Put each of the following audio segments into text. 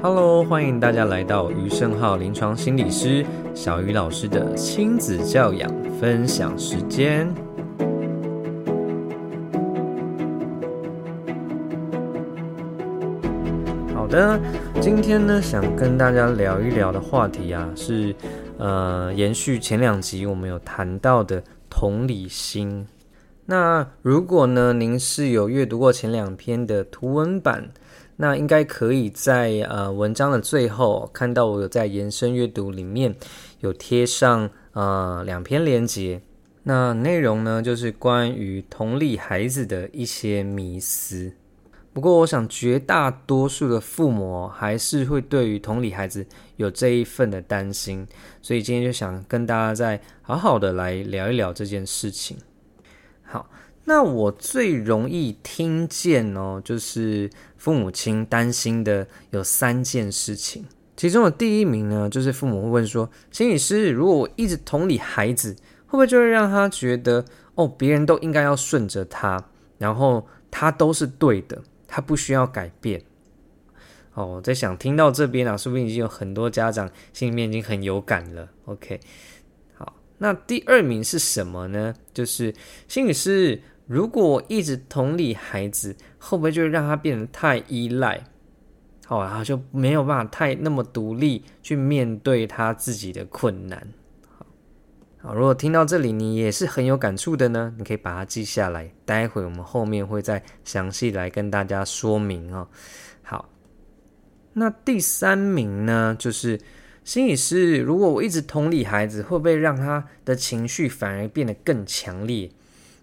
Hello，歡迎大家來到余勝皓臨床心理師小魚老師的親子教養分享時間。好的，今天呢，想跟大家聊一聊的話題啊，是呃，延續前兩集我們有談到的同理心。那如果呢，您是有閱讀過前兩篇的圖文版，那應該可以在呃文章的最後看到，我有在延伸閱讀裡面有貼上呃兩篇連結。那內容呢，就是關於同理孩子的一些迷思。不過，我想絕大多數的父母還是會對於同理孩子有這一份的擔心，所以今天就想跟大家再好好的來聊一聊這件事情。好，那我最容易聽見哦，就是。父母親擔心的有三件事情，其中的第一名呢，就是父母會問說：“心理師，如果我一直同理孩子，會不會就會讓他覺得哦，別人都應該要順着他，然後他都是對的，他不需要改變？”哦，我在想，聽到這邊啊，說不定已經有很多家長心裡面已經很有感了。OK，好，那第二名是什麼呢？就是心理師。如果我一直同理孩子，會不會就會讓他變得太依賴？好，然後就沒有辦法太那麼獨立去面對他自己的困難。好，好，如果聽到這裡你也是很有感觸的呢，你可以把它記下來，待會我們後面會再詳細來跟大家說明哦。好，那第三名呢，就是心理師，如果我一直同理孩子，會不會讓他的情緒反而變得更強烈？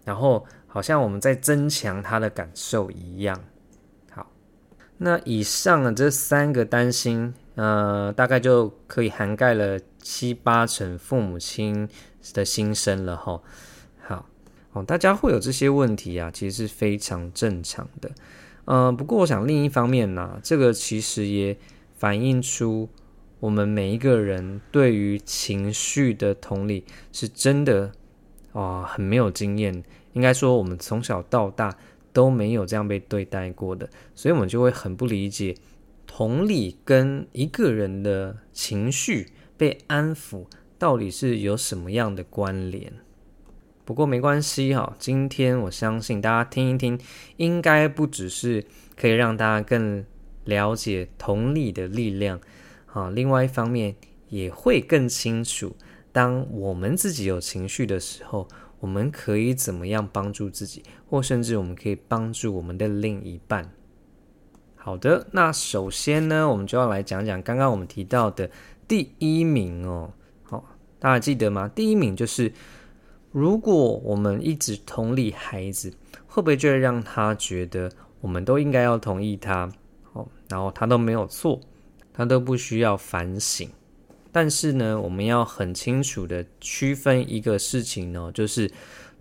然後。好像我們在增強他的感受一樣。好，那以上的這三個擔心，呃，大概就可以涵蓋了七八成父母親的心聲了吼，好，哦，大家會有這些問題啊，其實是非常正常的。嗯、呃，不過我想另一方面呢、啊，這個其實也反映出我們每一個人對於情緒的同理是真的。啊、哦，很沒有經驗，應該說我們從小到大都沒有這樣被對待過的，所以我們就會很不理解同理跟一個人的情緒被安撫到底是有什麼樣的關聯。不過沒關係哈，今天我相信大家聽一聽，應該不只是可以讓大家更了解同理的力量，啊，另外一方面也會更清楚。當我們自己有情緒的時候，我們可以怎麼樣幫助自己，或甚至我們可以幫助我們的另一半？好的，那首先呢，我們就要來講講剛剛我們提到的第一名哦。好，大家記得嗎？第一名就是如果我們一直同理孩子，會不會就會讓他覺得我們都應該要同意他？哦，然後他都沒有錯，他都不需要反省。但是呢，我們要很清楚的區分一個事情呢、哦，就是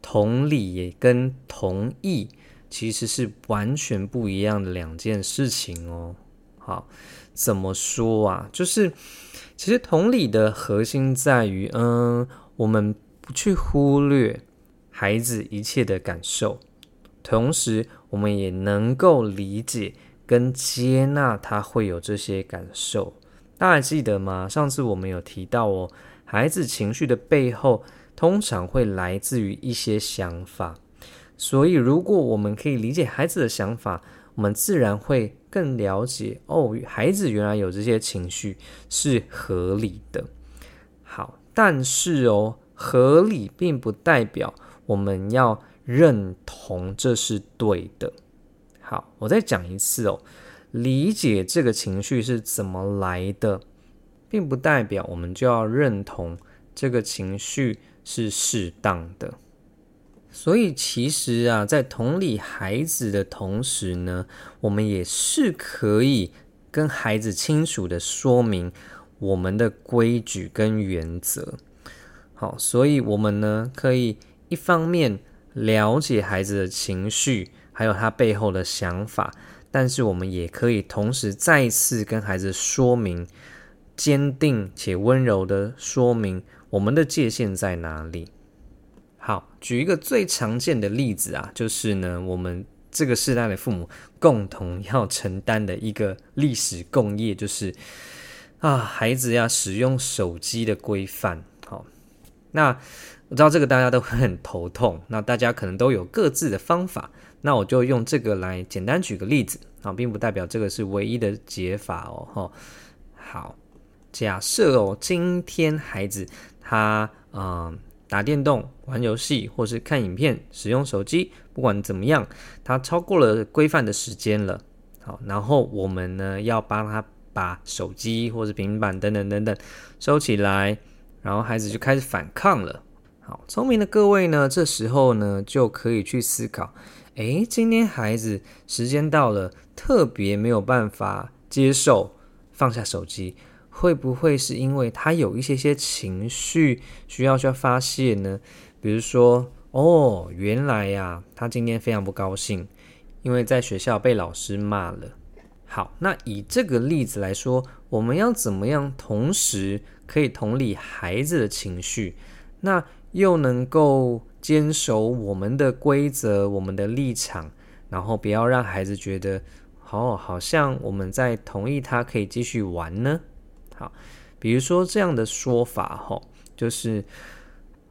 同理也跟同意其實是完全不一樣的兩件事情哦。好，怎麼說啊？就是其實同理的核心在於，嗯，我們不去忽略孩子一切的感受，同時我們也能夠理解跟接納他會有這些感受。大家記得嗎？上次我們有提到哦，孩子情緒的背後通常會來自於一些想法，所以如果我們可以理解孩子的想法，我們自然會更了解哦，孩子原來有這些情緒是合理的。好，但是哦，合理並不代表我們要認同這是對的。好，我再講一次哦。理解這個情緒是怎麼來的，並不代表我們就要認同這個情緒是適當的。所以其實啊，在同理孩子的同時呢，我們也是可以跟孩子清楚地說明我們的規矩跟原則。好，所以我們呢，可以一方面了解孩子的情緒，還有他背後的想法。但是我們也可以同時再次跟孩子說明，堅定且溫柔的說明我們的界限在哪裡。好，舉一個最常見的例子啊，就是呢，我們這個世代的父母共同要承擔的一個歷史共業，就是啊，孩子要使用手機的規範。好，那我知道這個大家都會很頭痛，那大家可能都有各自的方法。那我就用這個來簡單舉個例子啊，並不代表這個是唯一的解法哦。好，假設哦，今天孩子他啊、嗯、打電動、玩遊戲或是看影片、使用手機，不管怎麼樣，他超過了規範的時間了。好，然後我們呢要幫他把手機或是平板等等等等收起來，然後孩子就開始反抗了。好，聰明的各位呢，這時候呢就可以去思考。哎，今天孩子時間到了，特別沒有辦法接受放下手機，會不會是因為他有一些些情緒需要去發洩呢？比如說，哦，原來呀，他今天非常不高興，因為在學校被老師罵了。好，那以這個例子來說，我們要怎麼樣同時可以同理孩子的情緒，那又能夠？堅守我們的規則，我們的立場，然後不要讓孩子覺得，哦，好像我們在同意他可以繼續玩呢。好，比如說這樣的說法，吼、哦，就是，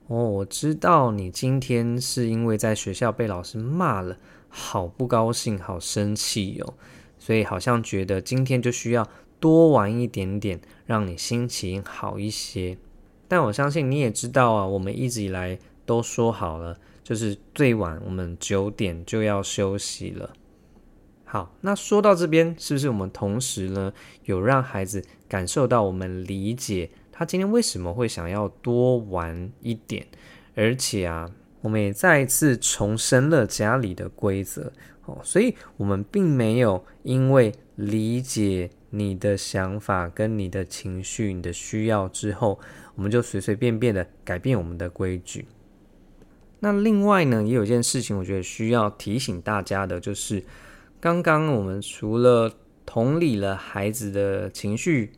哦，我知道你今天是因為在學校被老師罵了，好不高興，好生氣哦，所以好像覺得今天就需要多玩一點點，讓你心情好一些。但我相信你也知道啊，我們一直以來。都說好了，就是最晚我們九點就要休息了。好，那說到這邊，是不是我們同時呢，有讓孩子感受到我們理解他今天為什麼會想要多玩一點？而且啊，我們也再一次重申了家裡的規則哦。所以，我們並沒有因為理解你的想法、跟你的情緒、你的需要之後，我們就隨隨便便的改變我們的規矩。那另外呢，也有一件事情，我覺得需要提醒大家的，就是剛剛我們除了同理了孩子的情緒，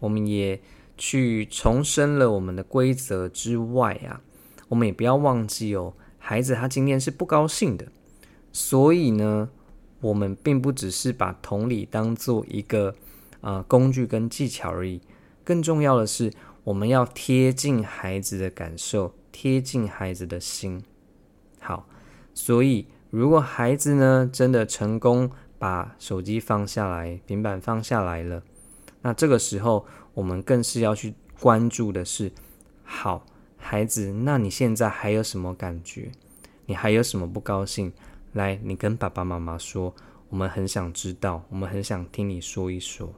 我們也去重申了我們的規則之外啊，我們也不要忘記哦，孩子他今天是不高興的，所以呢，我們並不只是把同理當做一個啊、呃、工具跟技巧而已，更重要的是，我們要貼近孩子的感受。貼近孩子的心，好，所以如果孩子呢，真的成功把手機放下來，平板放下來了，那這個時候我們更是要去關注的是，好孩子，那你現在還有什麼感覺？你還有什麼不高興？來，你跟爸爸媽媽說，我們很想知道，我們很想聽你說一說。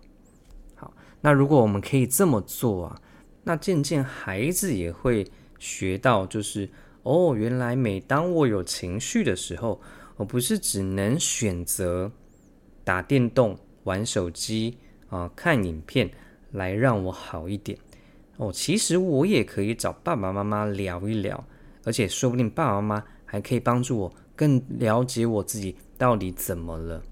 好，那如果我們可以這麼做啊，那漸漸孩子也會。學到就是哦，原來每當我有情緒的時候，我不是只能選擇打電動、玩手機啊、看影片，來讓我好一點。哦，其實我也可以找爸爸媽媽聊一聊，而且說不定爸爸媽媽還可以幫助我更了解我自己到底怎麼了。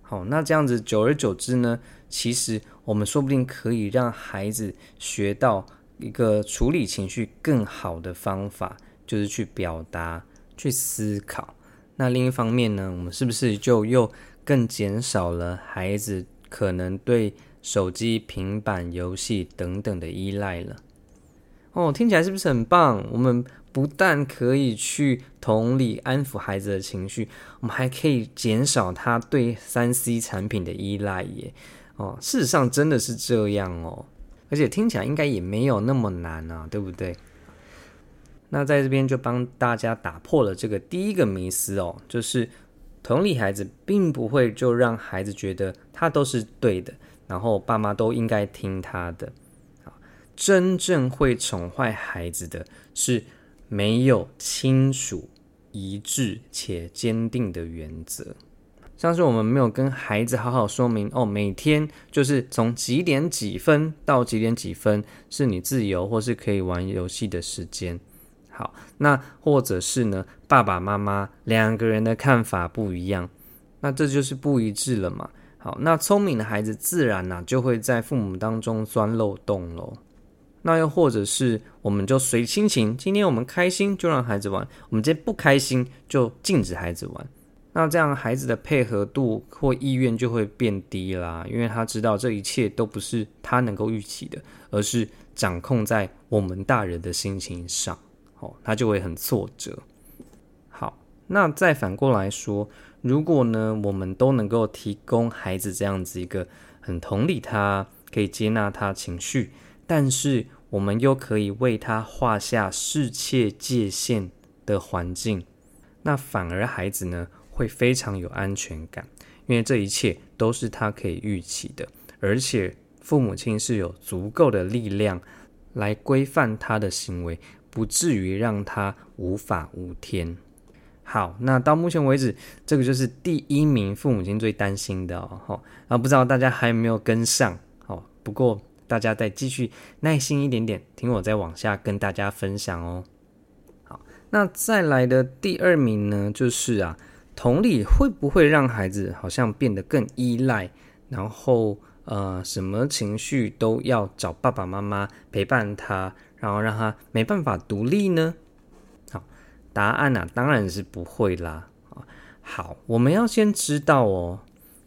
好，那這樣子久而久之呢，其實我們說不定可以讓孩子學到。一個處理情緒更好的方法，就是去表達、去思考。那另一方面呢，我們是不是就又更減少了孩子可能對手機、平板、遊戲等等的依賴了？哦，聽起來是不是很棒？我們不但可以去同理安撫孩子的情緒，我們還可以減少他對三 C 產品的依賴耶。哦，事實上真的是這樣哦。而且聽起來應該也沒有那麼難啊，對不對？那在這邊就幫大家打破了這個第一個迷思哦，就是同理孩子並不會就讓孩子覺得他都是對的，然後爸媽都應該聽他的。真正會寵壞孩子的是沒有清楚一致且堅定的原則。像是我們沒有跟孩子好好說明哦，每天就是從幾點幾分到幾點幾分是你自由或是可以玩遊戲的時間。好，那或者是呢，爸爸媽媽兩個人的看法不一樣，那這就是不一致了嘛。好，那聰明的孩子自然呢、啊、就會在父母當中鑽漏洞嘍。那又或者是我們就隨心情，今天我們開心就讓孩子玩，我們今天不開心就禁止孩子玩。那這樣孩子的配合度或意願就會變低啦，因為他知道這一切都不是他能夠預期的，而是掌控在我們大人的心情上。哦，他就會很挫折。好，那再反過來說，如果呢，我們都能夠提供孩子這樣子一個很同理他，可以接納他情緒，但是我們又可以為他畫下適切界限的環境，那反而孩子呢，會非常有安全感，因為這一切都是他可以預期的，而且父母親是有足夠的力量來規範他的行為，不至於讓他無法無天。好，那到目前為止，這個就是第一名父母親最擔心的哦。哦啊，不知道大家還有沒有跟上哦？不過大家再繼續耐心一點點，聽我再往下跟大家分享哦。好，那再來的第二名呢，就是啊。同理，會不會讓孩子好像變得更依賴，然後呃，什麼情緒都要找爸爸媽媽陪伴他，然後讓他沒辦法獨立呢？好，答案啊當然是不會啦。好，我們要先知道哦，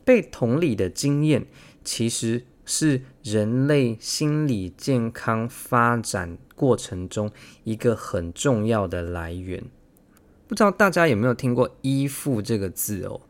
被同理的經驗其實是人類心理健康發展過程中一個很重要的來源。不知道大家有沒有聽過“依附”這個字哦？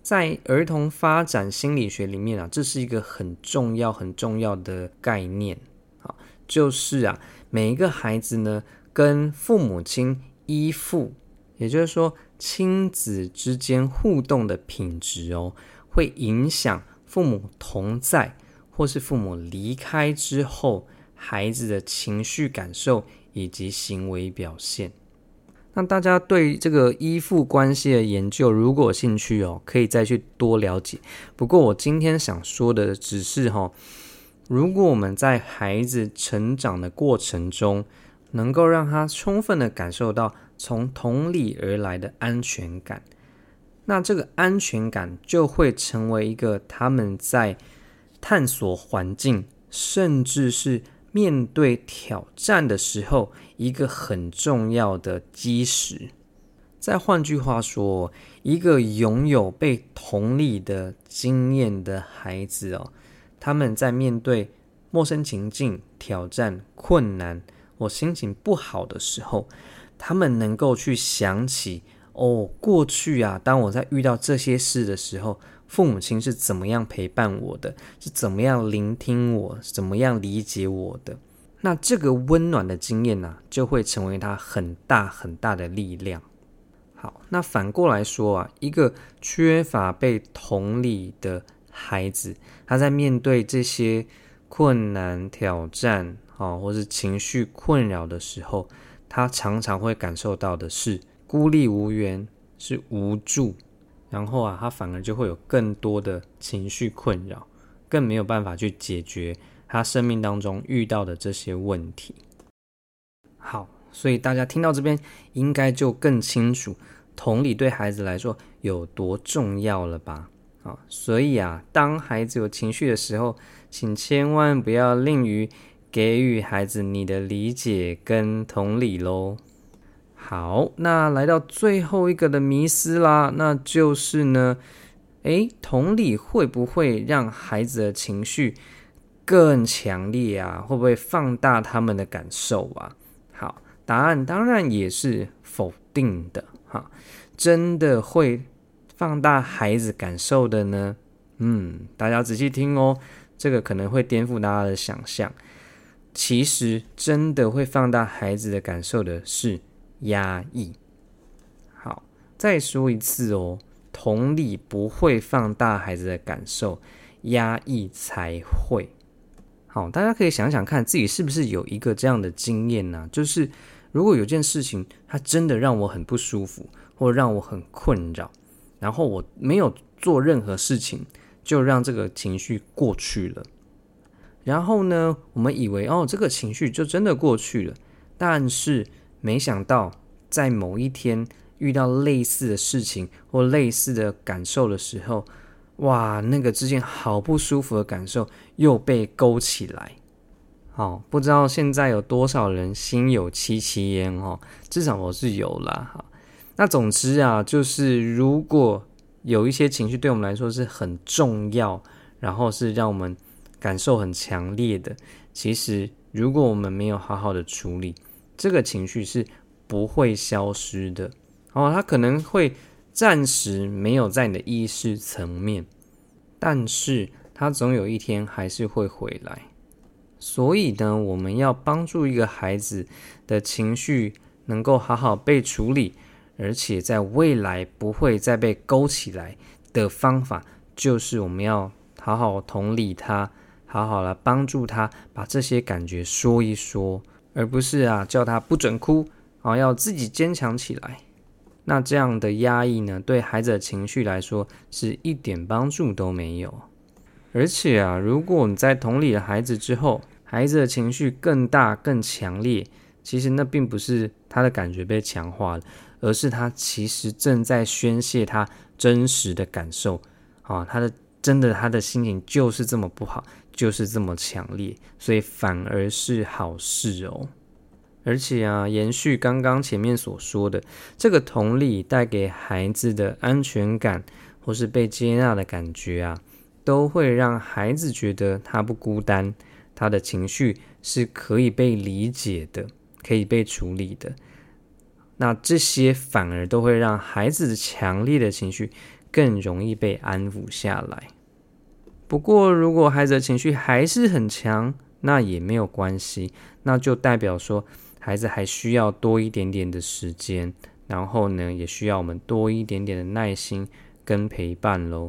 在兒童發展心理學裡面啊，這是一個很重要、很重要的概念啊，就是啊，每一個孩子呢跟父母親依附，也就是說親子之間互動的品質哦，會影響父母同在或是父母離開之後孩子的情緒感受以及行為表現。那大家對這個依附關係的研究，如果興趣哦，可以再去多了解。不過我今天想說的只是哈、哦，如果我們在孩子成長的過程中，能夠讓他充分的感受到從同理而來的安全感，那這個安全感就會成為一個他們在探索環境，甚至是。面對挑戰的時候，一個很重要的基石。再換句話說，一個擁有被同理的經驗的孩子哦，他們在面對陌生情境、挑戰、困難，或心情不好的時候，他們能夠去想起哦，過去啊，當我在遇到這些事的時候。父母親是怎麼樣陪伴我的？是怎麼樣聆聽我？是怎麼樣理解我的？那這個溫暖的經驗呢，就會成為他很大很大的力量。好，那反過來說啊，一個缺乏被同理的孩子，他在面對這些困難挑戰啊，或是情緒困擾的時候，他常常會感受到的是孤立無援，是無助。然後啊，他反而就會有更多的情緒困擾，更沒有辦法去解決他生命當中遇到的這些問題。好，所以大家聽到這邊應該就更清楚同理對孩子來說有多重要了吧？啊，所以啊，當孩子有情緒的時候，請千萬不要吝於給予孩子你的理解跟同理嘍。好，那來到最後一個的迷思啦，那就是呢，誒，同理會不會讓孩子的情緒更強烈啊？會不會放大他們的感受啊？好，答案當然也是否定的哈，真的會放大孩子感受的呢？嗯，大家仔細聽哦，這個可能會顛覆大家的想象，其實真的會放大孩子的感受的是。壓抑，好，再說一次哦。同理不會放大孩子的感受，壓抑才會好。大家可以想想看，自己是不是有一個這樣的經驗呢、啊？就是如果有件事情，它真的讓我很不舒服，或讓我很困擾，然後我沒有做任何事情，就讓這個情緒過去了。然後呢，我們以為哦，這個情緒就真的過去了，但是。沒想到，在某一天遇到類似的事情或類似的感受的時候，哇，那個之前好不舒服的感受又被勾起來。好，不知道現在有多少人心有戚戚焉哦，至少我是有啦。哈，那總之啊，就是如果有一些情緒對我們來說是很重要，然後是讓我們感受很強烈的，其實如果我們沒有好好的處理，這個情緒是不會消失的哦，他可能會暫時沒有在你的意識層面，但是他總有一天還是會回來。所以呢，我們要幫助一個孩子的情緒能夠好好被處理，而且在未來不會再被勾起來的方法，就是我們要好好同理他，好好來幫助他把這些感覺說一說。而不是啊，叫他不准哭，啊，要自己堅強起來。那這樣的壓抑呢，對孩子的情緒來說是一點幫助都沒有。而且啊，如果你在同理了孩子之後，孩子的情緒更大更強烈，其實那並不是他的感覺被強化了，而是他其實正在宣洩他真實的感受啊，他的真的他的心情就是這麼不好。就是這麼強烈，所以反而是好事哦。而且啊，延續剛剛前面所說的，這個同理帶給孩子的安全感，或是被接納的感覺啊，都會讓孩子覺得他不孤單，他的情緒是可以被理解的，可以被處理的。那這些反而都會讓孩子強烈的情緒更容易被安撫下來。不過，如果孩子的情緒還是很強，那也沒有關係，那就代表說孩子還需要多一點點的時間，然後呢，也需要我們多一點點的耐心跟陪伴嘍。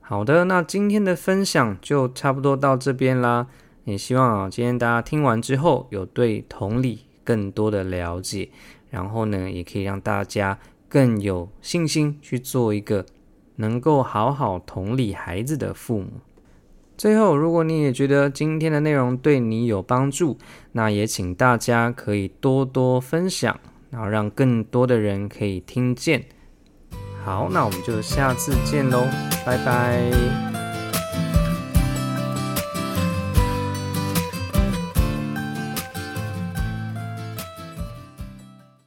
好的，那今天的分享就差不多到這邊啦，也希望啊，今天大家聽完之後，有對同理更多的了解，然後呢，也可以讓大家更有信心去做一個。能夠好好同理孩子的父母。最後，如果你也覺得今天的內容對你有幫助，那也請大家可以多多分享，然後讓更多的人可以聽見。好，那我們就下次見嘍，拜拜。